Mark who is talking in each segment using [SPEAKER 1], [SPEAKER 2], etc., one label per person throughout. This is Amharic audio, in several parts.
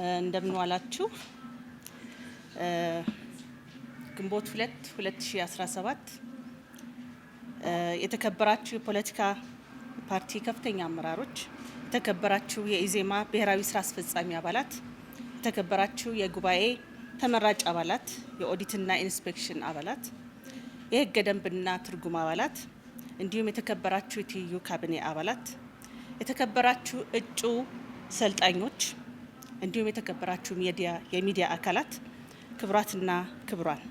[SPEAKER 1] እንደምንዋላችሁ ግንቦት ሁለት ሁለት ሺ አስራ ሰባት የተከበራችሁ የፖለቲካ ፓርቲ ከፍተኛ አመራሮች፣ የተከበራችሁ የኢዜማ ብሔራዊ ስራ አስፈጻሚ አባላት፣ የተከበራችሁ የጉባኤ ተመራጭ አባላት፣ የኦዲትና ኢንስፔክሽን አባላት፣ የህገ ደንብና ትርጉም አባላት እንዲሁም የተከበራችሁ የትይዩ ካቢኔ አባላት፣ የተከበራችሁ እጩ ሰልጣኞች እንዲሁም የተከበራችሁ የሚዲያ አካላት ክብራትና ክብሯን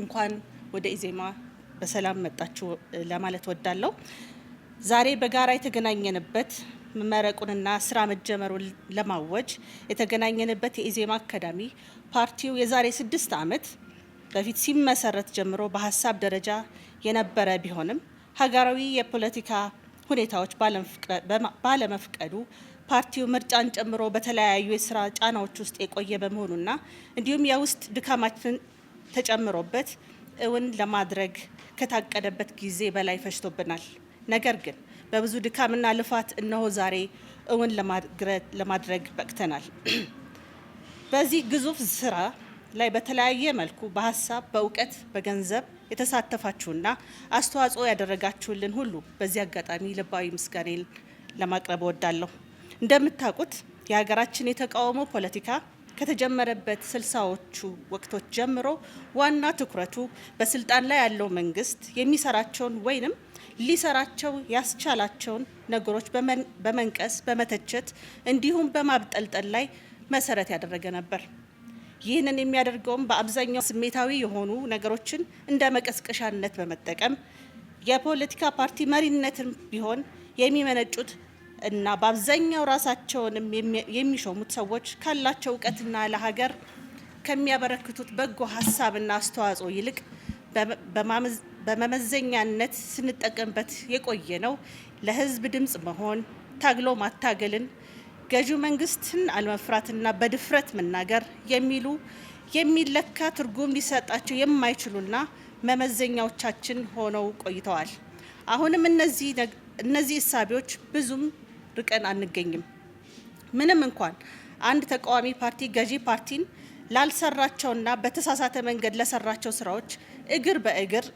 [SPEAKER 1] እንኳን ወደ ኢዜማ በሰላም መጣችሁ ለማለት ወዳለሁ። ዛሬ በጋራ የተገናኘንበት መመረቁንና ስራ መጀመሩን ለማወጅ የተገናኘንበት የኢዜማ አካዳሚ ፓርቲው የዛሬ ስድስት ዓመት በፊት ሲመሰረት ጀምሮ በሀሳብ ደረጃ የነበረ ቢሆንም ሀገራዊ የፖለቲካ ሁኔታዎች ባለመፍቀዱ ፓርቲው ምርጫን ጨምሮ በተለያዩ የስራ ጫናዎች ውስጥ የቆየ በመሆኑና እንዲሁም የውስጥ ድካማችን ተጨምሮበት እውን ለማድረግ ከታቀደበት ጊዜ በላይ ፈጅቶብናል። ነገር ግን በብዙ ድካምና ልፋት እነሆ ዛሬ እውን ለማድረግ በቅተናል። በዚህ ግዙፍ ስራ ላይ በተለያየ መልኩ በሀሳብ፣ በእውቀት፣ በገንዘብ የተሳተፋችሁና አስተዋጽኦ ያደረጋችሁልን ሁሉ በዚህ አጋጣሚ ልባዊ ምስጋኔን ለማቅረብ እወዳለሁ። እንደምታውቁት የሀገራችን የተቃውሞ ፖለቲካ ከተጀመረበት ስልሳዎቹ ወቅቶች ጀምሮ ዋና ትኩረቱ በስልጣን ላይ ያለው መንግስት የሚሰራቸውን ወይንም ሊሰራቸው ያስቻላቸውን ነገሮች በመንቀስ በመተቸት እንዲሁም በማብጠልጠል ላይ መሰረት ያደረገ ነበር። ይህንን የሚያደርገውም በአብዛኛው ስሜታዊ የሆኑ ነገሮችን እንደ መቀስቀሻነት በመጠቀም የፖለቲካ ፓርቲ መሪነትን ቢሆን የሚመነጩት እና በአብዛኛው ራሳቸውንም የሚሾሙት ሰዎች ካላቸው እውቀትና ለሀገር ከሚያበረክቱት በጎ ሀሳብና አስተዋጽኦ ይልቅ በመመዘኛነት ስንጠቀምበት የቆየ ነው። ለህዝብ ድምፅ መሆን፣ ታግሎ ማታገልን፣ ገዢው መንግስትን አለመፍራትና በድፍረት መናገር የሚሉ የሚለካ ትርጉም ሊሰጣቸው የማይችሉና መመዘኛዎቻችን ሆነው ቆይተዋል። አሁንም እነዚህ እሳቢዎች ብዙም ርቀን አንገኝም። ምንም እንኳን አንድ ተቃዋሚ ፓርቲ ገዢ ፓርቲን ላልሰራቸውና በተሳሳተ መንገድ ለሰራቸው ስራዎች እግር በእግር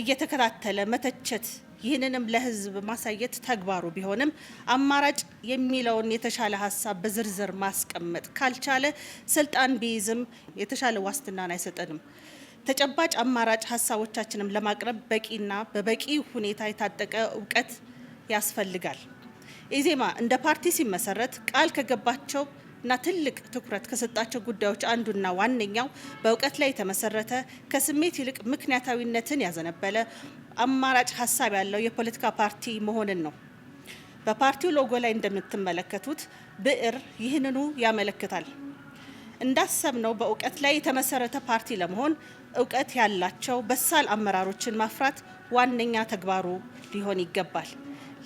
[SPEAKER 1] እየተከታተለ መተቸት ይህንንም ለህዝብ ማሳየት ተግባሩ ቢሆንም አማራጭ የሚለውን የተሻለ ሀሳብ በዝርዝር ማስቀመጥ ካልቻለ ስልጣን ቢይዝም የተሻለ ዋስትናን አይሰጠንም። ተጨባጭ አማራጭ ሀሳቦቻችንም ለማቅረብ በቂና በበቂ ሁኔታ የታጠቀ እውቀት ያስፈልጋል። ኢዜማ እንደ ፓርቲ ሲመሰረት ቃል ከገባቸው እና ትልቅ ትኩረት ከሰጣቸው ጉዳዮች አንዱና ዋነኛው በእውቀት ላይ የተመሰረተ ከስሜት ይልቅ ምክንያታዊነትን ያዘነበለ አማራጭ ሀሳብ ያለው የፖለቲካ ፓርቲ መሆንን ነው። በፓርቲው ሎጎ ላይ እንደምትመለከቱት ብዕር ይህንኑ ያመለክታል። እንዳሰብነው በእውቀት ላይ የተመሰረተ ፓርቲ ለመሆን እውቀት ያላቸው በሳል አመራሮችን ማፍራት ዋነኛ ተግባሩ ሊሆን ይገባል።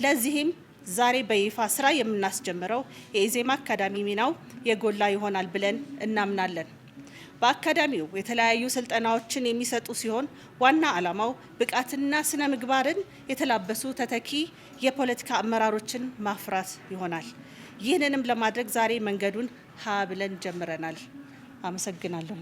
[SPEAKER 1] ለዚህም ዛሬ በይፋ ስራ የምናስጀምረው የኢዜማ አካዳሚ ሚናው የጎላ ይሆናል ብለን እናምናለን። በአካዳሚው የተለያዩ ስልጠናዎችን የሚሰጡ ሲሆን ዋና ዓላማው ብቃትና ስነ ምግባርን የተላበሱ ተተኪ የፖለቲካ አመራሮችን ማፍራት ይሆናል። ይህንንም ለማድረግ ዛሬ መንገዱን ሀ ብለን ጀምረናል። አመሰግናለሁ።